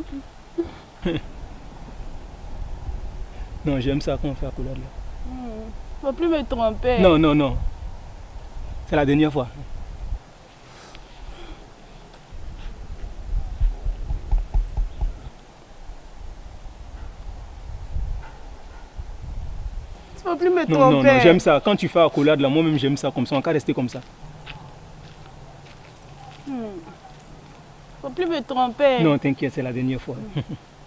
non, j'aime ça quand on fait à coulade là. ne vas plus me tromper. Non, non, non. C'est la dernière fois. Tu vas plus me tromper. Non, non, j'aime ça. Quand tu fais accolade là, moi-même j'aime ça comme ça. On peut rester comme ça. Hmm. Faut plus me tromper. Non, t'inquiète, c'est la dernière fois.